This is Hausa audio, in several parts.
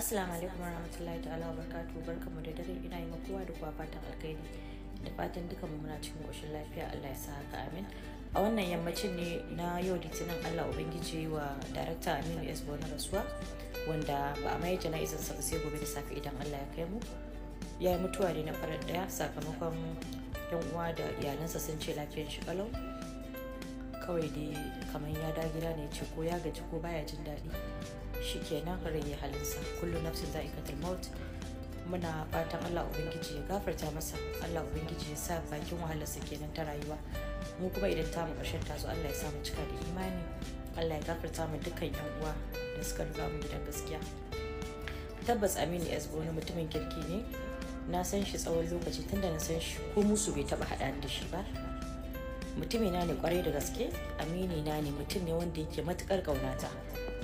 Assalamu alaikum warahmatullahi ta'ala wa barkatu barkamu da dare ina yi ma kowa da kowa fatan alkhairi da fatan duka mu muna cikin goshin lafiya Allah ya sa haka amin a wannan yammacin ne na yau litinin Allah ubangiji wa darakta Aminu S Bona rasuwa wanda ba a mai jana'izar sa sai gobe da safe idan Allah ya kai mu ya yi mutuwa ne na farar daya sakamakon yan uwa da iyalansa sun ce lafiyar shi kalau kawai dai kamar ya dagira gida ne ce ko ya gaji ko baya jin daɗi shi kenan harin ya halinsa kullu nafsin za'ikatul maut muna fatan Allah Ubangiji ya gafarta masa Allah Ubangiji ya sa bakin wahalarsa nan ta rayuwa mu kuma idan ta mu ƙarshen taso Allah ya sa cika da imani Allah ya gafarta mu dukkan yan uwa da suka ruba mu gidan gaskiya tabbas Aminu Esbo wani mutumin kirki ne na san shi tsawon lokaci tunda na san shi ko musu bai taba haɗa da shi ba mutumina ne kwarai da gaske amini na ne mutum ne wanda yake matukar kaunata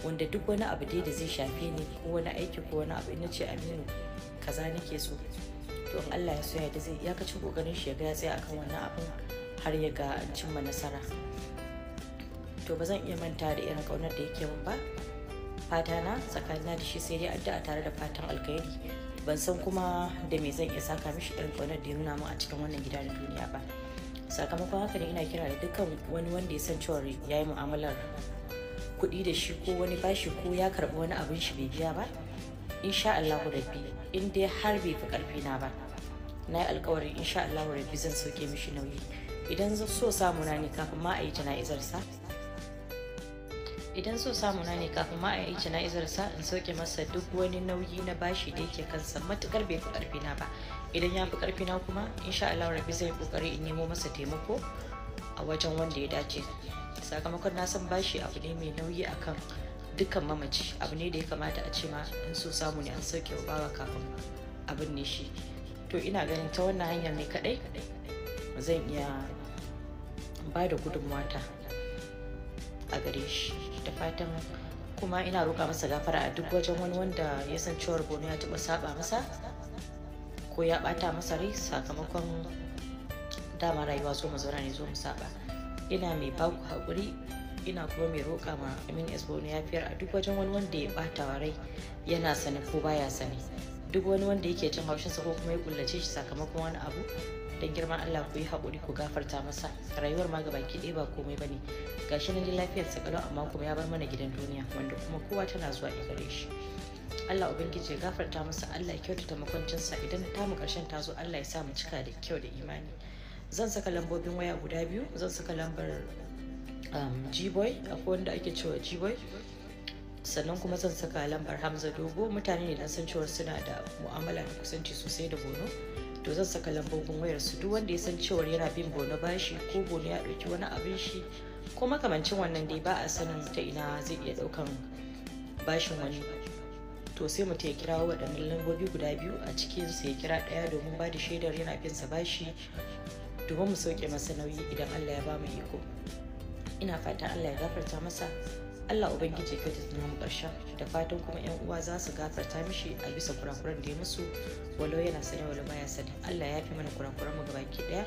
wanda duk wani abu dai da zai shafe ni ko wani aiki ko wani abu ina ce aminu kaza nake so to in Allah ya so ya zai ya kaci kokarin shi ya ga tsaya akan wannan abin har ya ga cimma nasara to bazan iya manta da irin kaunar da yake min ba fata na tsakanina da shi sai dai addu'a tare da fatan alkhairi ban san kuma da me zan iya saka mishi irin kaunar da ya nuna min a cikin wannan gida na duniya ba sakamakon haka ne ina kira da dukkan wani wanda ya san cewa ya yi mu'amalar kuɗi da shi ko wani bashi ko ya karɓi wani abin shi bai biya ba insha Allah rabbi in dai har bai fi karfi na ba na yi alƙawarin. insha Allah rabbi zan sauke mishi nauyi idan so samu na ne kafin ma a yi sa. idan so samu na ne kafin ma a yi sa in soke masa duk wani nauyi na bashi da yake kansa matukar bai fi karfi na ba idan ya fi karfi na kuma insha Allah rabi zai kokari in nemo masa taimako a wajen wanda ya dace sakamakon na san bashi abu ne mai nauyi akan dukkan mamaci abu ne da ya kamata a ce ma in so samu ne an soke wa bawa kafin abin ne shi to ina ganin ta wannan hanyar ne kadai zan iya ba da ta a gare shi da fatan kuma ina roƙa masa gafara a duk wajen wani wanda ya san cewar bono ya taɓa saba masa ko ya ɓata masa rai sakamakon dama rayuwa zo mu zauna ne zo mu saba ina mai baku haƙuri ina kuma mai roƙa ma amin esbo na yafiyar a duk wajen wani wanda ya ɓata rai yana sani ko baya sani duk wani wanda yake jin haushinsa ko kuma ya kullace shi sakamakon wani abu dan girman Allah ku yi haƙuri ku gafarta masa rayuwar ma gabaki ɗaya ba komai bane gashi nan lafiyar sa kalau amma kuma ya bar mana gidan duniya wanda kuma kowa tana zuwa a gare shi Allah ubangiji ya gafarta masa Allah ya kyautata sa idan ta mu karshen ta zo Allah ya sa mu cika da kyau da imani zan saka lambobin waya guda biyu zan saka lambar um, G-boy akwai wanda ake cewa G-boy sannan kuma zan saka lambar hamza dogo mutane ne na san cewa suna da mu'amala da kusanci sosai da bono to zan saka lambobin wayar su duk wanda ya san cewar yana bin bono bashi ko bono ya ɗauki wani abin shi ko makamancin wannan dai ba a sanin ta ina zai iya ɗaukan bashin wani to sai mu ya kira waɗannan lambobi guda biyu a cikin sai kira ɗaya domin ba da shaidar yana bin sa bashi domin mu sauke masa nauyi idan Allah ya ba mu iko ina fatan Allah ya gafarta masa Allah Ubangiji ka ta tunan ƙarshen da fatan kuma 'yan uwa za su gafarta mishi a bisa kurakuran da ya musu walau yana sani walau baya sani Allah ya fi mana kurakuran mu gabaki ɗaya ya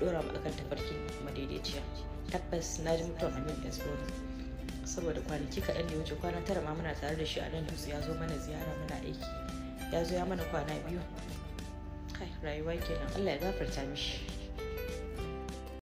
ɗora mu akan tafarki daidaiciya tabbas na ji mutuwar Amin Esbon saboda kwanaki kaɗan da ya wuce kwana tara ma muna tare da shi a nan dutse ya zo mana ziyara muna aiki ya zo ya mana kwana biyu kai rayuwa kenan Allah ya gafarta mishi